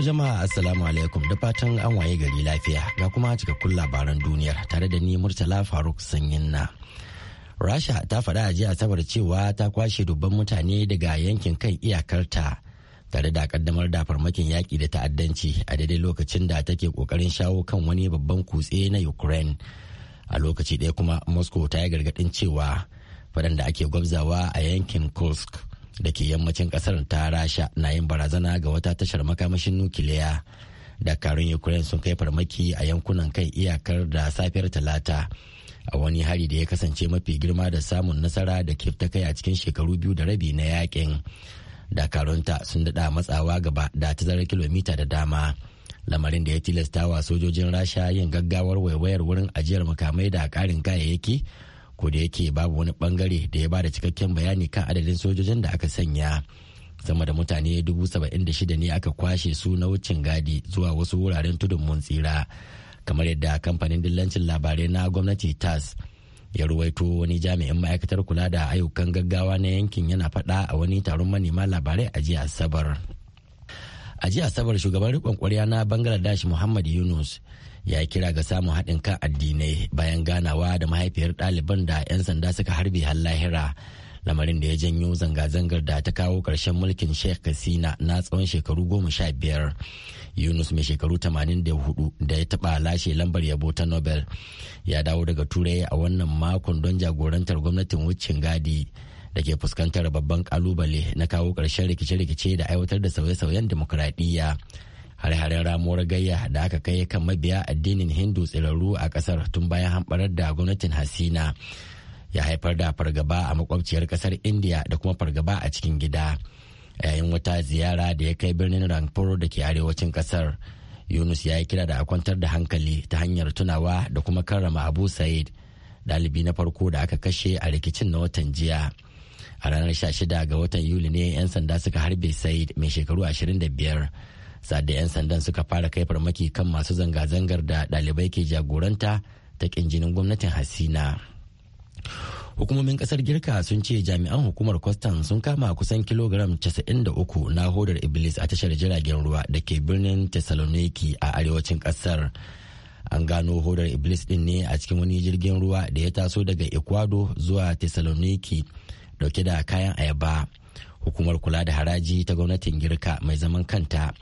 jama'a assalamu alaikum da fatan an waye gari lafiya ga kuma cikakkun labaran duniyar tare da ni murtala faruk sanyin na rasha ta faɗa a jiya asabar cewa ta kwashe dubban mutane daga yankin kan iyakarta tare da kaddamar da farmakin yaƙi da ta'addanci a daidai lokacin da take ƙoƙarin shawo kan wani babban kutse na ukraine a lokaci ɗaya kuma moscow ta yi gargaɗin cewa faɗan da ake gwabzawa a yankin kursk da ke yammacin kasar ta rasha na yin barazana ga wata tashar makamashin nukiliya dakarun ukraine sun kai farmaki a yankunan kan iyakar da safiyar talata a wani hari da ya kasance mafi girma da samun nasara da ke ta kai a cikin shekaru biyu da rabi na yakin dakarunta sun daɗa matsawa gaba da tazarar kilomita da dama lamarin da ya tilasta wa sojojin rasha yin gaggawar waiwayar wurin ajiyar makamai da ƙarin kayayyaki ko da yake babu wani bangare da ya bada cikakken bayani kan adadin sojojin da aka sanya sama da mutane dubu saba'in da shida ne aka kwashe su na wucin gadi zuwa wasu wuraren tudun mun tsira kamar yadda kamfanin dillancin labarai na gwamnati tas ya ruwaito wani jami'in ma'aikatar kula da ayyukan gaggawa na yankin yana faɗa a wani taron manema labarai a jiya asabar a jiya asabar shugaban rikon kwarya na bangladesh muhammad yunus ya yi kira ga samun haɗin kan addinai bayan ganawa da mahaifiyar ɗaliban da 'yan sanda suka harbe har lahira lamarin da ya janyo zanga-zangar da ta kawo ƙarshen mulkin sheikh kasina na tsawon shekaru goma sha biyar yunus mai shekaru 84 da ya taɓa lashe lambar yabo ta nobel ya dawo daga turai a wannan makon don jagorantar gwamnatin wucin gadi da ke fuskantar babban kalubale na kawo ƙarshen rikice-rikice da aiwatar da sauye-sauyen dimokuraɗiyya hare-haren ramuwar gayya da aka kai kan mabiya addinin hindu tsirarru a kasar tun bayan hamɓarar da gwamnatin hasina ya haifar da fargaba a makwabciyar kasar india da kuma fargaba a cikin gida yayin wata ziyara da ya kai birnin rangpur da ke arewacin kasar yunus ya yi kira da a kwantar da hankali ta hanyar tunawa da kuma karrama abu said ɗalibi na farko da aka kashe a rikicin na watan jiya a ranar 16 ga watan yuli ne 'yan sanda suka harbe said mai shekaru 25 sa'adda 'yan sandan suka fara kai farmaki kan masu zanga-zangar da ɗalibai ke jagoranta ta ƙin gwamnatin hasina hukumomin kasar girka sun ce jami'an hukumar kwastan sun kama kusan kilogram 93 na hodar iblis a tashar jiragen ruwa da ke birnin thessaloniki a arewacin kasar an gano hodar iblis din ne a cikin wani jirgin ruwa da ya taso daga ecuador zuwa thessaloniki dauke da kayan ayaba hukumar kula da haraji ta gwamnatin girka mai zaman kanta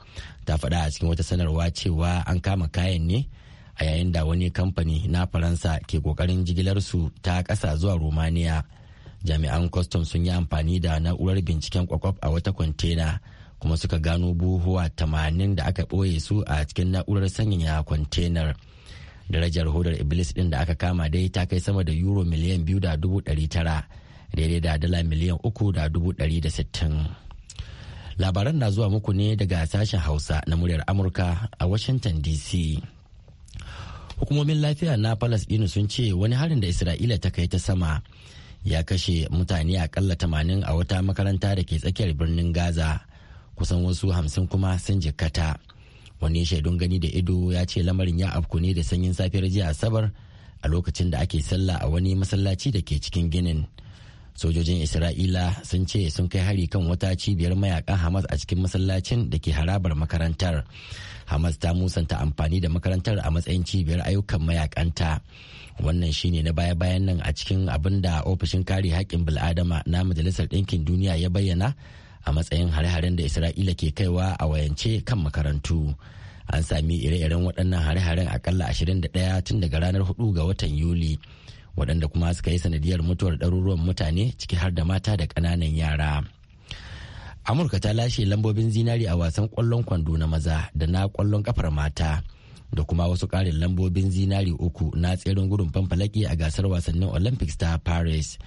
ta faɗa a cikin wata sanarwa cewa an kama kayan ne a yayin da wani kamfani na faransa ke kokarin jigilarsu ta ƙasa zuwa romania jami'an kwastam sun yi amfani da na'urar binciken kwakwaf a wata kwantena kuma suka gano buhuwa tamanin da aka ɓoye su a cikin na'urar sanyaya kwantenar darajar hodar iblis ɗin da aka kama dai ta kai sama da euro miliyan biyu da dubu ɗari tara daidai da dala miliyan uku da dubu ɗari da sittin labaran na zuwa muku ne daga sashen hausa na muryar amurka a washington dc hukumomin lafiya na inu sun ce wani harin da isra'ila ta kai ta sama ya kashe mutane akalla tamanin a wata makaranta da ke tsakiyar birnin gaza kusan wasu hamsin kuma sun jikkata wani shaidun gani da ido ya ce lamarin ya afku ne da sanyin safiyar jiya asabar a lokacin da ake sallah a wani masallaci da ke cikin ginin. sojojin isra'ila sun ce sun kai hari kan wata cibiyar mayakan hamas a cikin masallacin da ke harabar makarantar hamas ta musanta amfani da makarantar a matsayin cibiyar ayyukan mayakanta wannan shine na baya-bayan nan a cikin abin da ofishin kare haƙƙin bil'adama na majalisar ɗinkin duniya ya bayyana a matsayin hare-haren da isra'ila ke kaiwa a wayance kan makarantu an sami ire-iren waɗannan hare-haren akalla 21 tun daga ranar 4 ga watan yuli waɗanda kuma suka yi sanadiyar mutuwar ɗaruruwan mutane ciki har da mata da ƙananan yara amurka ta lashe lambobin zinari a wasan ƙwallon kwando na maza da na ƙwallon kafar mata da kuma wasu ƙarin lambobin zinari uku na tseren gudun fanfalaki a gasar wasannin olympics ta paris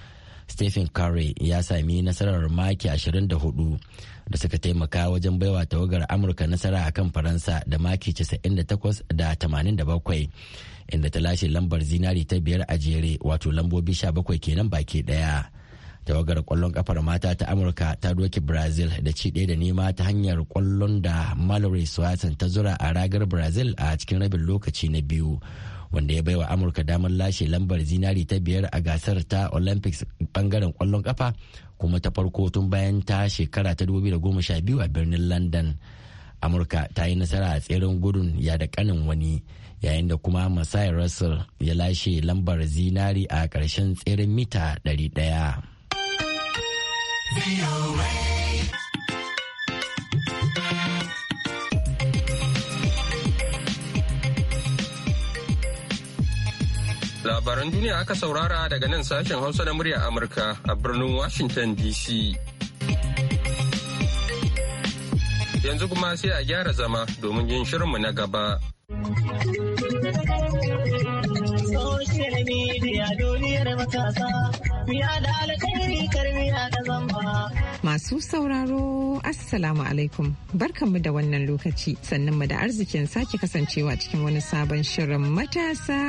stephen curry ya sami nasarar maki 24 da suka taimaka wajen baiwa tawagar amurka nasara a kan faransa da maki 98 da 87 inda ta lashe lambar zinari ta biyar a jere wato lambobi sha bakwai kenan baki daya tawagar kwallon kafar mata ta amurka ta doke brazil da ci ɗaya da nema ta hanyar kwallon da mallory swanson ta zura a ragar brazil a cikin rabin lokaci na biyu wanda ya baiwa amurka damar lashe lambar zinari ta biyar a gasar ta olympics bangaren kwallon kafa kuma ta farko tun bayan ta shekara ta 2012 a birnin london amurka ta yi nasara a tseren gudun ya da kanin wani yayin da kuma Masai Russell ya lashe lambar zinari a ƙarshen tseren mita 100. Labaran duniya aka saurara daga nan sashen Hausa na murya Amurka a birnin Washington DC. Yanzu kuma sai a gyara zama domin yin shirinmu na gaba. Masu sauraro Assalamu alaikum mu da wannan lokaci sannan mu da arzikin sake kasancewa cikin wani sabon shirin matasa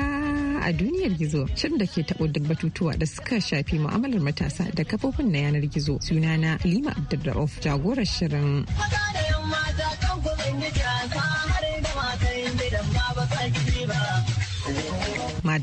a duniyar gizo shirin da ke taɓo duk batutuwa da suka shafi mu'amalar matasa da kafofin na yanar gizo sunana Lima Abdulrauf jagorar shirin. mata kan kuɗin gida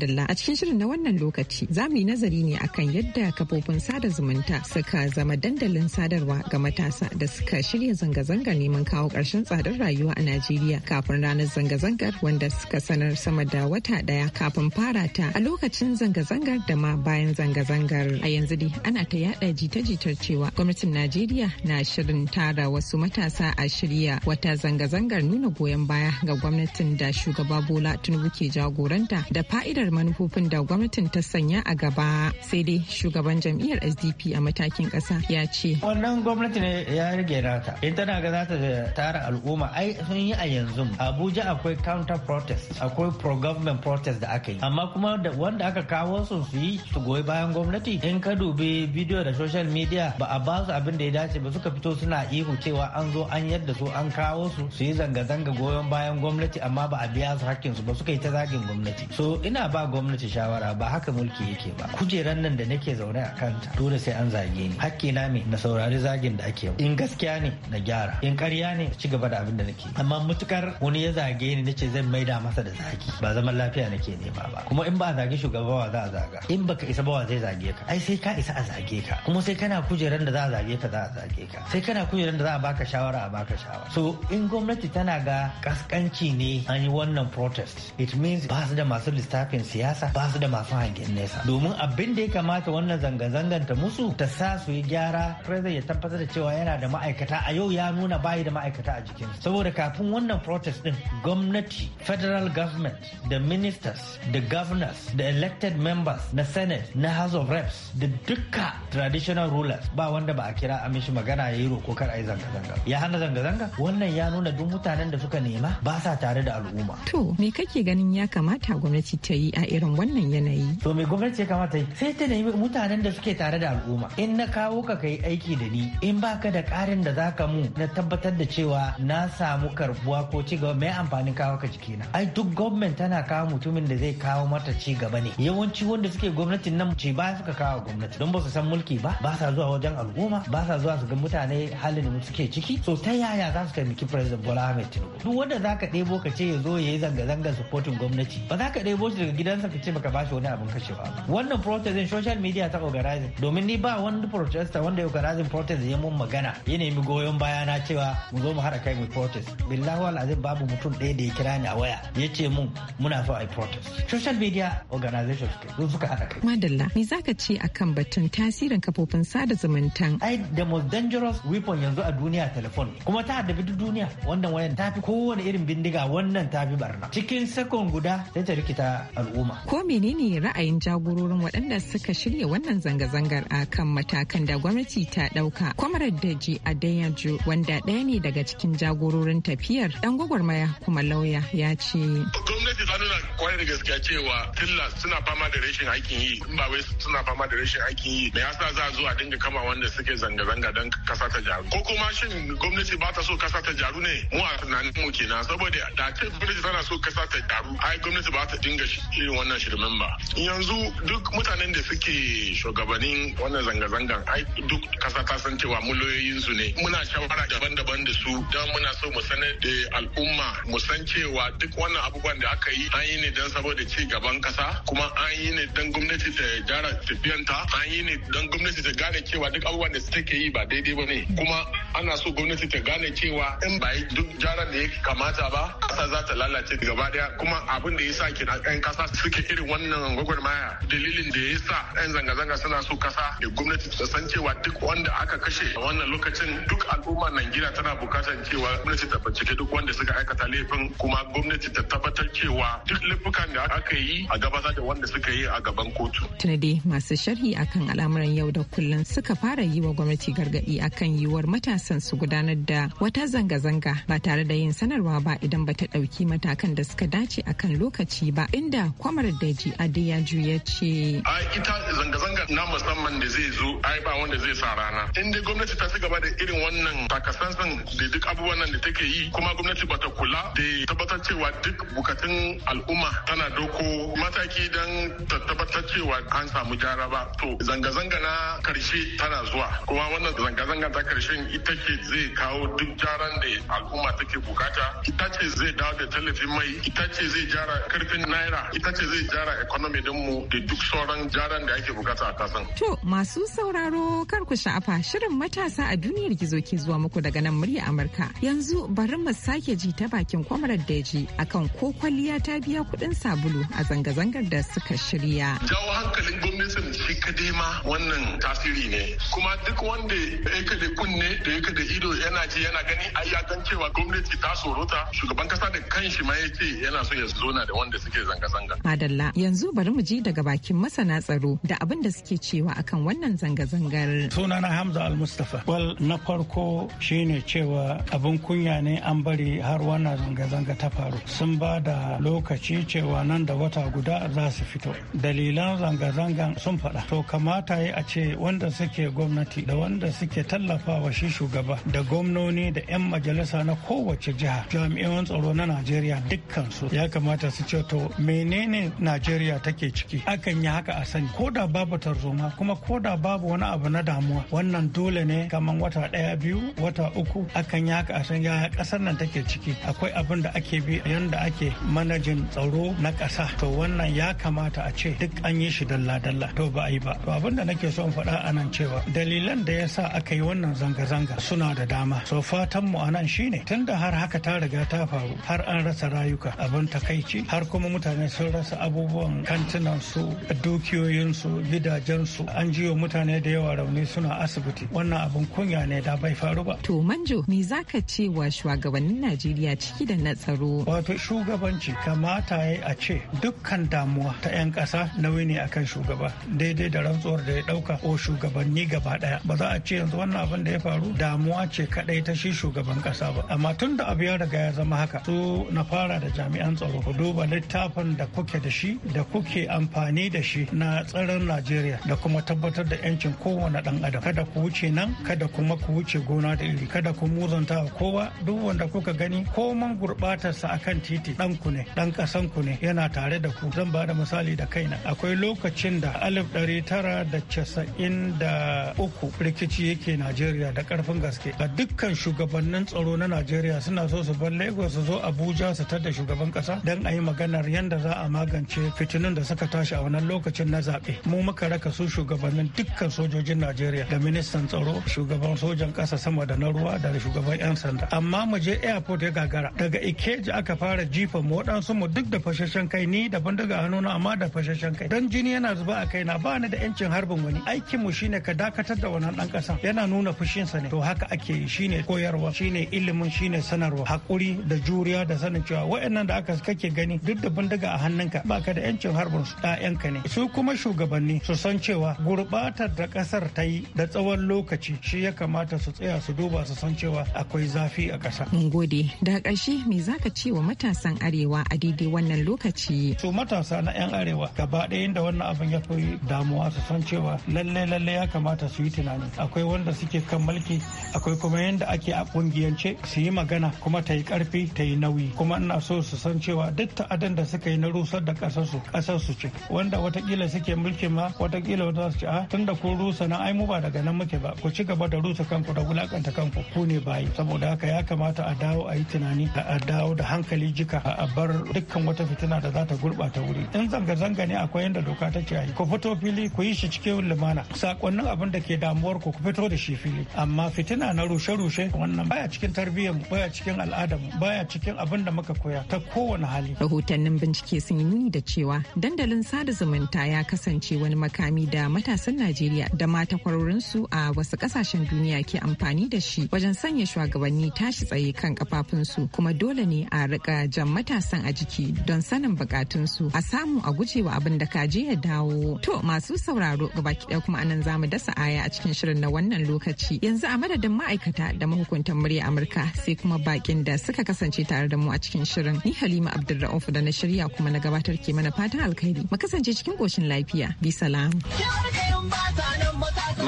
madalla a cikin shirin na wannan lokaci za mu yi nazari ne akan yadda kafofin sada zumunta suka zama dandalin sadarwa ga matasa da suka shirya zanga-zanga neman kawo ƙarshen tsadar rayuwa a Najeriya kafin ranar zanga-zangar wanda suka sanar sama da wata ɗaya kafin fara ta a lokacin zanga-zangar da ma bayan zanga-zangar a yanzu dai ana ta yada jita-jitar cewa gwamnatin Najeriya na shirin tara wasu matasa a shirya wata zanga-zangar nuna goyon baya ga gwamnatin da shugaba Bola Tinubu ke jagoranta da fa'idar manufofin da gwamnatin ta sanya a gaba sai dai shugaban jam'iyyar sdp a matakin kasa ya ce wannan gwamnati ne ya rige nata in tana ga za ta tara al'umma ai sun yi a yanzu abuja akwai counter protest akwai pro government protest da aka yi amma kuma da wanda aka kawo su su yi su goyi bayan gwamnati in ka dubi bidiyo da social media ba a ba su abin da ya dace ba suka fito suna ihu cewa an zo an yadda su an kawo su su yi zanga-zanga goyon bayan gwamnati amma ba a biya su hakkin su ba suka yi ta zagin gwamnati so ina ba gwamnati shawara ba haka mulki yake ba kujeran nan da nake zaune a kanta dole sai an zage ni hakki na me na saurari zagin da ake in gaskiya ne na gyara in ƙarya ne ci gaba da abin da nake amma mutukar wani ya zage ni nace zan maida masa da zagi ba zaman lafiya nake nema ba kuma in ba a zage shugaba ba za a zaga in baka isa ba wa zai zage ka ai sai ka isa a zage ka kuma sai kana kujeran da za a zage ka za a zage ka sai kana kujeran da za a baka shawara a baka shawara so in gwamnati tana ga kaskanci ne an yi wannan protest it means ba su da masu lissafin bangaren siyasa ba su da masu hangen nesa domin abin da ya kamata wannan zanga-zangan ta musu ta sa su yi gyara president ya tabbatar da cewa yana da ma'aikata a yau ya nuna bayi da ma'aikata a jikin saboda kafin wannan protest din gwamnati federal government da ministers da governors da elected members na senate na house of reps da dukka traditional rulers ba wanda ba a kira a mishi magana ya yi roko kar a yi zanga-zanga ya hana zanga-zanga wannan ya nuna duk mutanen da suka nema ba sa tare da al'umma to me kake ganin ya kamata gwamnati ta yi a irin wannan yanayi. To me gwamnati ya kamata yi? Sai ta nemi mutanen da suke tare da al'umma. In na kawo ka kai aiki da ni, in baka da karin da zaka mu na tabbatar da cewa na samu karbuwa ko ci gaba mai amfanin kawo ka na Ai duk gwamnati tana kawo mutumin da zai kawo mata ci gaba ne. Yawanci wanda suke gwamnatin nan ce ba suka kawo gwamnati don ba su san mulki ba, ba sa zuwa wajen al'umma, ba sa zuwa su ga mutane halin da suke ciki. So ta yaya za su taimaki President Bola Ahmed Tinubu? Duk wanda zaka ɗebo ka ce ya zo ya yi zanga-zanga supporting gwamnati. Ba za ka ɗebo shi daga gidansa ka ce baka ba shi wani abin kashewa wannan protest social media ta organizing domin ni ba wani protester wanda ya organizing protest ya mun magana ya nemi goyon baya na cewa mu zo mu hada kai mu protest billahi azim babu mutum ɗaya da ya kira ni a waya ya ce mun muna so ai protest social media organizations su suka hada kai madalla me zaka ce akan batun tasirin kafofin sada zumunta ai the most dangerous weapon yanzu a duniya telefon kuma ta haddabi duk duniya wannan wayan tafi kowane irin bindiga wannan tafi barna cikin second guda sai ta rikita al'umma goma. Ko menene ra'ayin jagororin waɗanda suka shirya wannan zanga-zangar a kan matakan da gwamnati ta ɗauka? Kwamarar Daji Adeyanju wanda ɗaya ne daga cikin jagororin tafiyar ɗan gwagwarmaya kuma lauya ya ce. Gwamnati ta nuna kwayar gaskiya cewa tilla suna fama da rashin aikin yi in ba wai suna fama da rashin aikin yi me yasa za a zo a dinga kama wanda suke zanga-zanga don kasa ta jaru. Ko kuma shin gwamnati ba ta so kasa ta jaru ne mu a tunanin mu kenan saboda da ta gwamnati tana so kasa ta jaru ai gwamnati ba ta dinga irin wannan shirmin ba yanzu duk mutanen da suke shugabannin wannan zanga-zangan ai duk kasa ta san cewa muloyoyin su ne muna shawara daban-daban da su don muna so mu sanar da al'umma mu san cewa duk wannan abubuwan da aka yi an yi ne don saboda ci gaban kasa kuma an yi ne don gwamnati ta gyara tafiyanta an yi ne don gwamnati ta gane cewa duk abubuwan da suke yi ba daidai ba ne kuma ana so gwamnati ta gane cewa in ba duk jarar da ya kamata ba kasa za ta lalace gaba daya kuma abin da ya sa kina yan kasa suke irin wannan gwagwarmaya dalilin da ya sa yan zanga-zanga suna so kasa da gwamnati ta san cewa duk wanda aka kashe a wannan lokacin duk al'umma Najeriya tana bukatan cewa gwamnati ta bincike duk wanda suka aikata laifin kuma gwamnati ta tabbatar cewa duk laifukan da aka yi a gabatar da wanda suka yi a gaban kotu. Tunade masu sharhi akan al'amuran yau da kullum suka fara yi wa gwamnati gargaɗi akan yiwuwar matasa son su gudanar da wata zanga-zanga ba tare da yin sanarwa ba idan ba ta ɗauki matakan da suka dace akan lokaci ba inda kwamar daji adiyaju ya ce. ai ita zanga-zanga na musamman da zai zo ai ba wanda zai sa rana in dai gwamnati ta ci gaba da irin wannan takasansan da duk abubuwan nan da take yi kuma gwamnati bata kula da tabbatar cewa duk bukatun al'umma tana doko mataki don tabbatar cewa an samu jaraba to zanga-zanga na karshe tana zuwa kuma wannan zanga-zanga ta karshen ita take zai kawo duk jaran da al'umma take bukata ita ce zai dawo da tallafin mai ita ce zai jara karfin naira ita ce zai jara economy din mu da duk sauran jaran da ake bukata a kasan. To masu sauraro kar ku sha'afa shirin matasa a duniyar gizo ke zuwa muku daga nan murya Amurka yanzu bari mu sake ji ta bakin kwamarar daji akan ko kwalliya ta biya kuɗin sabulu a zanga-zangar da suka shirya. Jawo hankalin gwamnatin shi kadai ma wannan tasiri ne kuma duk wanda ya kade kunne da ya duka da ido yana ji yana gani ai ya san cewa gwamnati ta ta shugaban kasa da kanshi ma ce yana so ya na da wanda suke zanga-zanga. Madalla yanzu bari mu ji daga bakin masana tsaro da abin da suke cewa akan wannan zanga-zangar. Sunana Hamza Al-Mustafa. Wal na farko shine cewa abin kunya ne an bari har wannan zanga-zanga ta faru. Sun ba da lokaci cewa nan da wata guda za su fito. Dalilan zanga-zangan sun faɗa. To kamata yi a ce wanda suke gwamnati da wanda suke tallafawa shi shugaban shugaba da gwamnoni da 'yan majalisa na kowace jiha jami'an tsaro na najeriya dukkansu ya kamata su ce to menene najeriya take ciki akan yi haka a sani ko da babu tarzoma kuma ko da babu wani abu na damuwa wannan dole ne kamar wata ɗaya biyu wata uku akan yi haka a san yaya ƙasar nan take ciki akwai abin da ake bi yanda ake manajin tsaro na ƙasa to wannan ya kamata a ce duk an yi shi dalla-dalla to ba a yi ba to abin da nake so in faɗa a nan cewa dalilan da ya sa aka yi wannan zanga-zanga bindiga suna da dama so fatan mu anan shine tunda har haka ta riga ta faru har an rasa rayuka abin takaici har kuma mutane sun rasa abubuwan kantunan su dukiyoyin su gidajen su an jiyo mutane da yawa rauni suna asibiti wannan abin kunya ne da bai faru ba to manjo me zaka ce wa shugabannin Najeriya ciki da na tsaro wato shugabanci kamata yayi a ce dukkan damuwa ta 'yan kasa. nauyi ne akan shugaba daidai da rantsuwar da ya dauka ko shugabanni gaba daya ba za a ce yanzu wannan abin da ya faru damuwa ce kadai ta shi shugaban kasa ba amma tun da abu ya riga ya zama haka su na fara da jami'an tsaro ku duba littafin da kuke da shi da kuke amfani da shi na tsaron najeriya da kuma tabbatar da yancin kowane dan adam kada ku wuce nan kada kuma ku wuce gona da iri kada ku muzanta wa kowa duk wanda kuka gani ko koman gurbatarsa akan titi dan ku ne dan kasan ku ne yana tare da ku zan ba da misali da kaina akwai lokacin da alif ɗari tara da casa'in da uku rikici yake najeriya da karfin zafin gaske a dukkan shugabannin tsaro na najeriya suna so su bar lagos su zo abuja su tada shugaban kasa don a yi maganar yadda za a magance fitinun da suka tashi a wannan lokacin na zaɓe mu muka raka su shugabannin dukkan sojojin najeriya da ministan tsaro shugaban sojan kasa sama da na ruwa da shugaban yan sanda amma mu je airport ya gagara daga ikeji aka fara jifa mu waɗansu mu duk da fashashen kai ni daban daga hannuna amma da fashashen kai don jini yana zuba a kaina ba ni da yancin harbin wani aikin mu shine ka dakatar da wannan dan ƙasa yana nuna fushinsa ne to haka ake shine koyarwa shine ilimin shine sanarwa hakuri da juriya da sanin cewa waɗannan da aka kake gani duk da bindiga a hannunka baka da yancin harbin su ɗayanka ne su kuma shugabanni su san cewa gurbatar da ƙasar ta yi da tsawon lokaci shi ya kamata su tsaya su duba su san cewa akwai zafi a ƙasa. Mun gode da ƙarshe me zaka ce wa matasan arewa a daidai wannan lokaci? Su matasa na 'yan arewa gaba ɗaya da wannan abin ya fi damuwa su san cewa lalle lalle ya kamata su yi tunani akwai wanda suke kan mulki akwai kuma yadda ake a kungiyance su yi magana kuma ta yi karfi ta yi nauyi kuma ina so su san cewa duk ta'adan da suka yi na rusar da kasar su kasar su ce wanda watakila suke mulki ma watakila wata su ce a ah, tunda kun rusa na ai mu ba daga nan muke ba ku ci gaba da rusa kanku da wulakanta kanku ku ne bayi saboda haka ya kamata a dawo a yi tunani a dawo da hankali jika a bar dukkan wata fitina da za ta gurɓata wuri in zanga-zanga ne akwai yadda doka ta ce a ku fito fili ku yi shi cikin lumana sakonnin abin da ke damuwar ku ku fito da shi fili amma fitina na rushe-rushe wannan baya cikin tarbiyyar baya cikin al'adar baya cikin abin da muka koya ta kowane hali rahotannin bincike sun yi nuni da cewa dandalin sada zumunta ya kasance wani makami da matasan najeriya da mata kwarorinsu a wasu kasashen duniya ke amfani da shi wajen sanya shugabanni tashi tsaye kan kafafunsu kuma dole ne a rika jan matasan a jiki don sanin bukatunsu a samu a gujewa abin da kaje ya dawo to masu sauraro gaba ɗaya kuma anan zamu dasa aya a cikin shirin na wannan lokaci yanzu a adadin ma'aikata da mahukuntan murya Amurka sai kuma bakin da suka kasance tare da mu a cikin shirin. Ni Halima Abdulra'uf da na shirya kuma na gabatar ke mana fatan alkhairi. Mu kasance cikin koshin lafiya. Bi salam.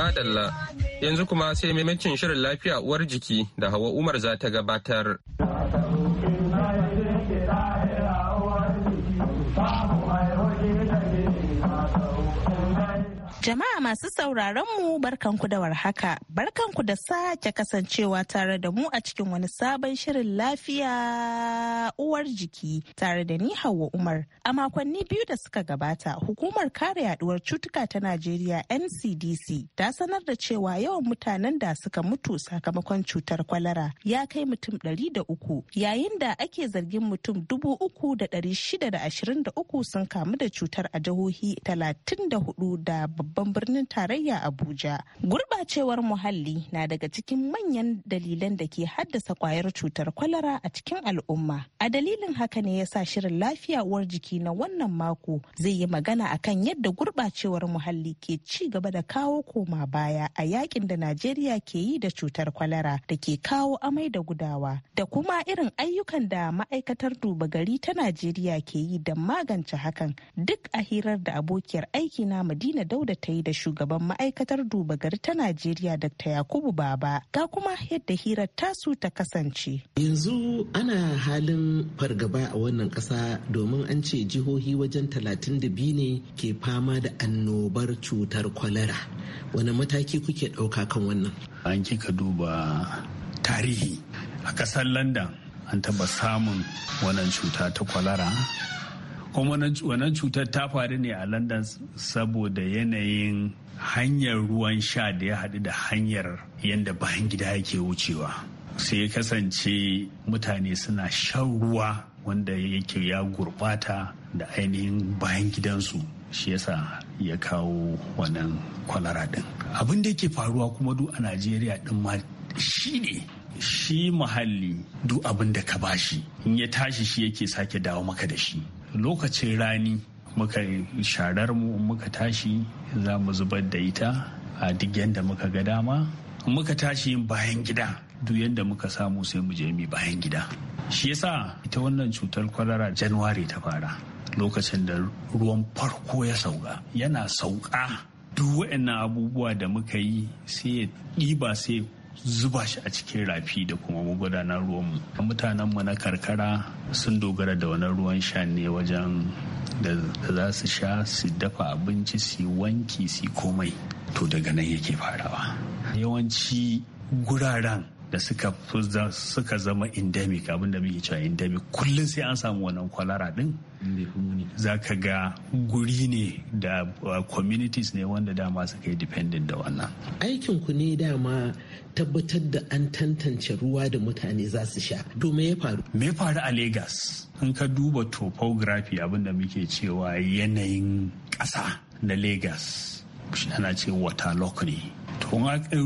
Madalla. Yanzu kuma sai maimacin shirin lafiya uwar jiki da Hawa Umar za ta gabatar. Jama'a masu sauraron mu barkanku da warhaka, barkanku da sake kasancewa tare da mu a cikin wani sabon shirin lafiya uwar jiki tare da ni Hauwa Umar. A makonni biyu da suka gabata, hukumar kare yaduwar cutuka ta Najeriya NCDC ta sanar da cewa yawan mutanen da suka mutu sakamakon cutar kwalara ya kai mutum ɗari da uku, yayin da ake zargin mutum dubu uku da ɗari shida da ashirin da uku sun kamu da cutar a jihohi talatin da hudu da babban babban birnin tarayya Abuja. Gurbacewar muhalli na daga cikin manyan dalilan da ke haddasa kwayar cutar kwalara a cikin al'umma. A dalilin haka ne ya sa shirin lafiya uwar jiki na wannan mako zai yi magana a kan yadda gurbacewar muhalli ke ci gaba da kawo koma baya a yakin da Najeriya ke yi da cutar kwalara da ke kawo amai da gudawa da kuma irin ayyukan da ma'aikatar duba gari ta Najeriya ke yi da magance hakan duk a hirar da abokiyar aiki na Madina Dauda ta yi da shugaban ma'aikatar duba gari ta Najeriya Dr. Yakubu Baba ga kuma yadda hirar tasu ta kasance. Yanzu ana halin fargaba a wannan ƙasa domin an ce jihohi wajen talatin da 32 ne ke fama da annobar cutar kwalara. Wani mataki kuke ɗauka kan wannan? An kika duba tarihi a ƙasar Landan an taɓa samun wannan cuta ta kwalara kuma wannan cutar ta faru ne a london saboda yanayin hanyar ruwan sha da ya haɗu da hanyar yadda bayan gida yake wucewa sai ya kasance mutane suna shan ruwa wanda yake ya gurbata da ainihin bayan gidansu shi yasa ya kawo wannan kwalara din abin da yake faruwa kuma duk a najeriya din ma shi ne shi muhalli duk abin da ka bashi in ya tashi shi yake sake dawo maka da shi lokacin rani muka sharar mu muka tashi za mu zubar da ita a duk yadda muka ga dama muka tashi yin bayan gida duk yadda muka samu sai mu je mi bayan gida shi yasa ita wannan cutar kwalara januwari ta fara lokacin da ruwan farko ya sauka yana sauka duk waɗannan abubuwa da muka yi sai ya ɗiba sai zuba shi a cikin rafi da kuma magudanar ruwanmu mu na karkara sun dogara da wani ruwan sha ne wajen da za su sha su dafa abinci su wanki su komai to daga nan yake farawa yawanci guraren da suka zama endemic abinda muke cewa endemic kullum sai an samu wannan kwalara din za ka ga guri ne da uh, communities ne wanda dama suka yi dependent da wannan aikin ku ne dama tabbatar da an tantance ruwa da mutane za su sha to me ya faru me faru a lagos in ka duba topography abinda muke cewa yanayin ƙasa na lagos ana ce waterlock ne to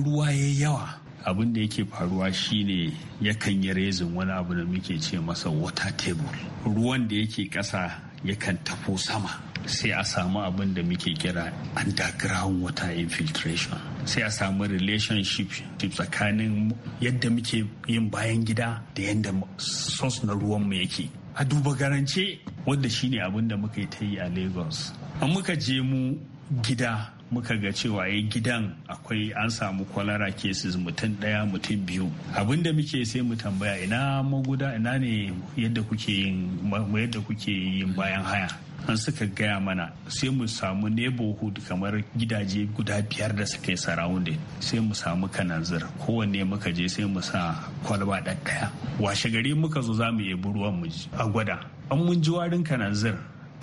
ruwa ya yawa abin da yake faruwa shine yakan yi rezin wani abu da muke ce masa water table ruwan da yake ƙasa yakan tafo sama sai a samu abin da muke kira underground water infiltration sai a samu relationship tsakanin yadda muke yin bayan gida da yadda source na ruwan mu yake a duba garance wadda shine abin da muka yi ta yi a lagos an muka je mu gida muka ga cewa ya eh, gidan akwai an samu kwalara cases mutum daya mutum biyu abin da muke sai mu tambaya ina maguda ina ne yadda kuke yin kuke yin bayan haya an suka gaya mana sai mu samu neighborhood kamar gidaje guda biyar da suka yi surrounding sai mu samu kananzir kowanne muka je sai mu sa kwalba ɗaya washe gari muka zo za mu yi buruwan mu a gwada an mun ji warin kananzir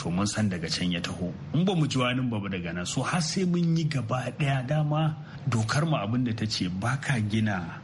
to mun san daga can ya taho in ba mu ji wani ba daga nan so har sai mun yi gaba daya dama dokar mu abin da ta ce ba ka gina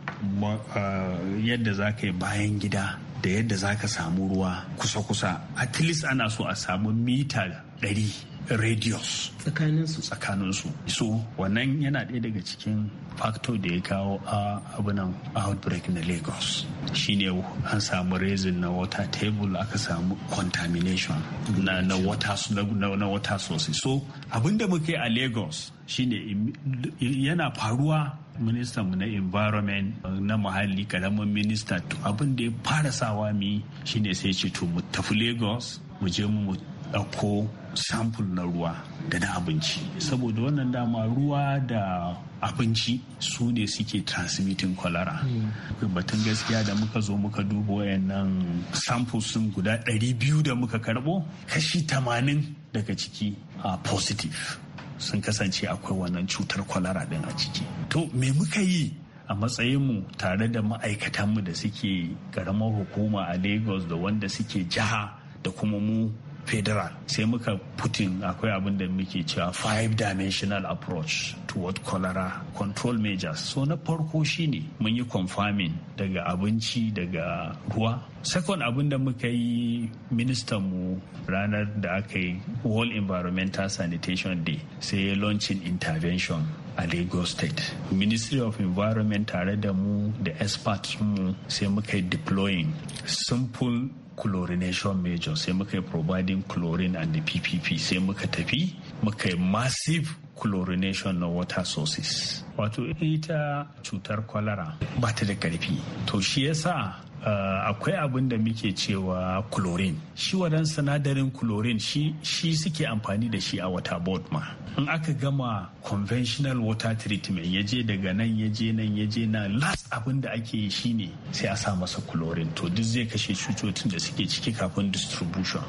yadda za ka yi bayan gida da yadda za ka samu ruwa kusa-kusa at least ana so a samu mita ɗari radios tsakaninsu tsakaninsu so wannan yana ɗaya daga cikin factor da ya kawo a abunan outbreak na lagos shine an samu raising na water table aka samu contamination na, na water, na, na water sources so abinda muke a lagos shine yana faruwa ministan mu na environment na muhalli karamin minista abin da ya fara sawa mi shine sai ce to mu tafi lagos mu je mu ɗauko samfur na ruwa da na abinci saboda wannan dama ruwa da abinci su ne suke transmitting cholera hmm. batun gaskiya da muka zo muka duba wayannan samples sun guda 200 da muka karbo kashi 80 daga ciki a positive sun kasance akwai wannan cutar cholera din a ciki to me muka yi a matsayinmu tare da ma'aikatanmu da suke karamar hukuma a lagos da wanda suke jiha da kuma mu federal sai muka putin akwai abin da muke cewa five dimensional approach toward cholera control measures so na farko shine mun yi confirming daga abinci daga ruwa second abin da muka yi ministan mu ranar da aka yi world environmental sanitation day sai launching intervention a lagos state ministry of environment tare da mu da experts mu sai muka yi deploying simple chlorination measures sai muka yi providing chlorine and the ppp sai muka tafi muka yi massive chlorination na water sources wato ita cutar kwalara ba ta da karfi to shi yasa Uh, eh, akwai abin da muke cewa chlorine shi wadan sinadarin chlorine shi, shi suke amfani da shi a water board ma in aka gama conventional water treatment ya je daga nan ya je nan ya je nan last abin da ake yi shine sai a sa masa chlorine to duk zai kashe cutotin da suke ciki kafin distribution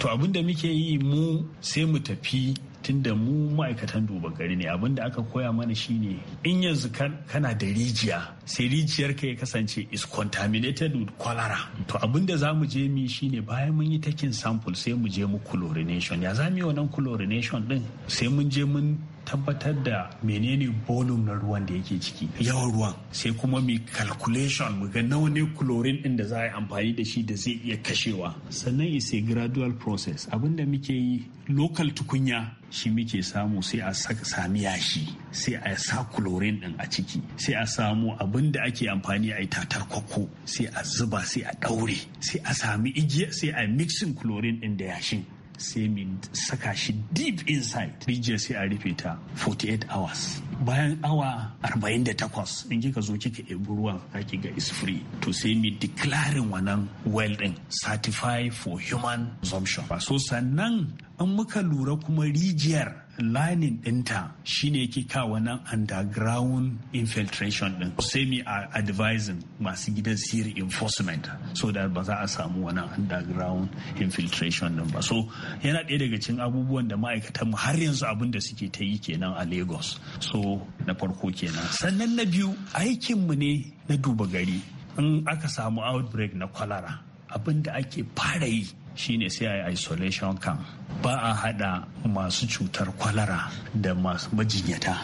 to abin da muke yi mu sai mu tafi tunda mu ma'aikatan duba gari ne abinda aka koya mana shine in yanzu kana da rijiya sai rijiyar ka ya kasance is contaminated with cholera to abinda za mu je shi shine bayan mun yi takin sample sai mu je mu chlorination ya za mu yi wannan chlorination din sai mun je mun tabbatar da menene volume na ruwan da yake ciki yawan ruwan sai kuma mu calculation mu ga nawa ne chlorine din da za a yi amfani da shi da zai iya kashewa sannan is a gradual process abinda muke yi local tukunya shi muke samu sai a sami yashi sai a sa chlorine din a ciki sai a samu abin da ake amfani a yi tatar kwakko sai a zuba sai a daure sai a sami igiya sai a mixing chlorine din da yashin sai mi saka shi deep inside rijiyar sai a rufe ta 48 hours bayan awa 48 in kika zo kika ebi ruwan kaki ga is free to sai mi declaring wannan well din certified for human consumption so sannan an muka lura kuma rijiyar lining ɗinta shine yake kawo nan underground infiltration ɗin sai me a advising masu gidan siri enforcement so da ba za a samu wannan underground infiltration din ba so yana ɗaya daga cikin abubuwan da ma'aikatan mu har yanzu abin da suke ta yi kenan a lagos so na farko kenan sannan na biyu aikin mu ne na duba gari in aka samu outbreak na cholera abin da ake fara yi shine sai a yi isolation camp ba a hada masu cutar kwalara da masu majinyata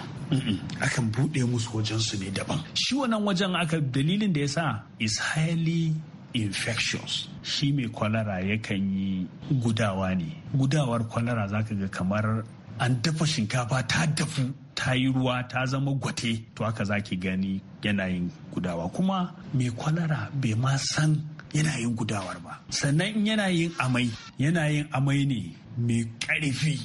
akan buɗe musu wajen su ne daban shi wannan wajen aka dalilin da ya sa is highly infectious shi mai kwalara yakan yi gudawa ne gudawar kwalara zaka ga kamar an dafa shinkafa ta dafu ta yi ruwa ta zama gwate to haka zaki gani yanayin gudawa kuma mai kwalara bai ma san yanayin gudawar ba sannan in yanayin amai yanayin amai ne mai ƙarfi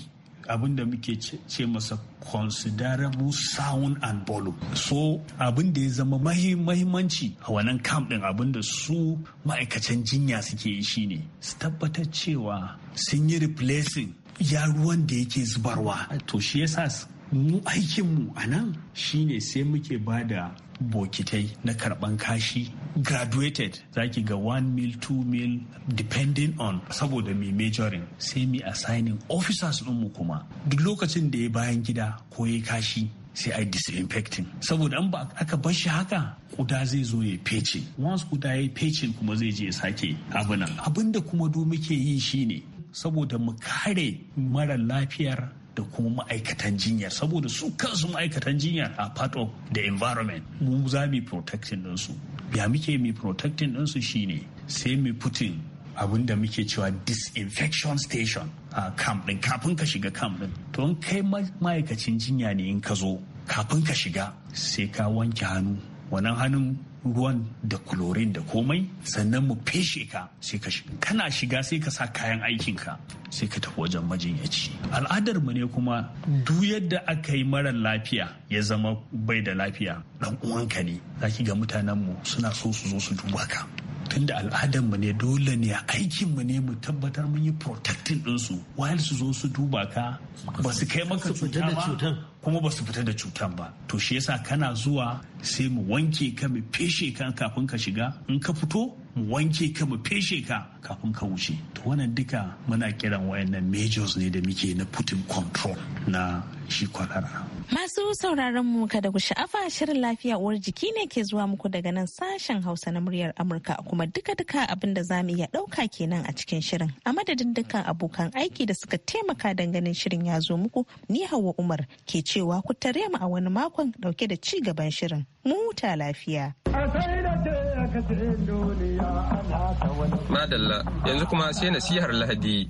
abin da muke ce masa considerable sound and volume so abin da ya zama mahimmanci a wannan camp din abin da su ma'aikacin jinya suke yi shine su tabbatar cewa sun yi replacing ya ruwan da yake zubarwa to shi yasa mu aikinmu a nan Shi ne sai muke ba da bokitai na karban kashi graduated zaki ga 1 mil 2 mil depending on saboda me majoring sai mai assigning officers ɗinmu kuma duk lokacin da ya bayan gida ko ya kashi sai a disinfecting saboda an ba aka bar shi haka kuda zai zo ya fece once kuda ya fece kuma zai je sake abinan abin da kuma do muke yi shine saboda mu kare mara lafiyar da kuma ma'aikatan jinyar saboda su kansu ma'aikatan jinyar a part of the environment mu za mu protecting su ya muke mu protecting ɗinsu shine sai mu putin abin da muke cewa disinfection station a camp ɗin kafin ka shiga camp din. to in kai ma'aikacin jinya ne in ka zo kafin ka shiga sai ka wanke hannu wannan hannun ruwan da kulorin da komai sannan mu feshe ka sai ka kana shiga sai ka sa kayan aikin ka sai ka tafi wajen majinyaci al'adar mu ne kuma duk yadda aka yi mara lafiya ya zama bai da lafiya dan uwanka ne zaki ga mutanen mu suna so su zo su duba ka tunda al'adar mu ne dole ne aikin mu ne mu tabbatar mun yi protecting din su while su zo su duba ka ba su kai maka cuta ba kuma ba su fita da cutan ba to shi yasa kana zuwa sai mu wanke ka mu feshe ka kafin ka shiga in ka fito mu wanke ka mu feshe ka kafin ka wuce to wannan duka muna kiran wayannan majors ne da muke na putin control na shi kwalara. Masu sauraron mu kada ku sha'afa shirin lafiya uwar jiki ne ke zuwa muku daga nan sashen Hausa na muryar Amurka kuma duka-duka abin da za mu iya ɗauka kenan a cikin shirin. A madadin dukkan abokan aiki da suka taimaka ganin shirin ya zo muku ni Hauwa Umar ke cewa ku tare mu a wani makon ɗauke da ci gaban shirin. Mu lafiya. Madalla yanzu kuma sai nasihar Lahadi.